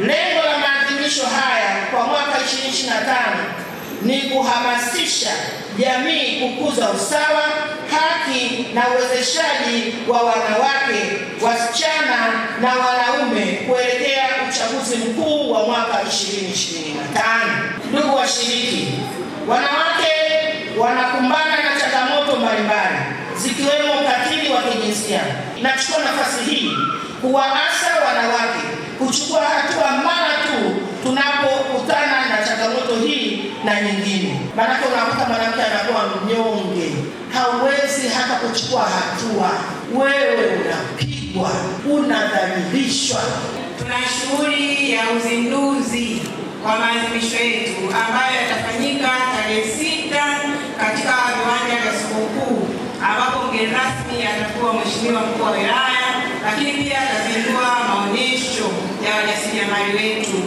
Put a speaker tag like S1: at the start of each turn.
S1: Lengo la maadhimisho haya kwa mwaka 2025 ni kuhamasisha jamii kukuza usawa, haki na uwezeshaji wa wanawake, wasichana na wanaume kuelekea uchaguzi mkuu wa mwaka 2025. Ndugu washiriki, wanawake wanakumbana na changamoto mbalimbali zikiwemo ukatili wa kijinsia. Nachukua nafasi hii kuwaasa wanawake kuchukua hatua na nyingine. Maanake unakuta mwanamke anakuwa mnyonge, hawezi hata kuchukua hatua. Wewe unapigwa, unadhalilishwa.
S2: Tuna shughuli ya uzinduzi kwa maadhimisho yetu ambayo yatafanyika tarehe sita katika viwanja vya sikukuu, ambapo mgeni rasmi atakuwa Mheshimiwa mkuu wa wilaya, lakini pia atazindua maonyesho ya wajasiriamali wetu.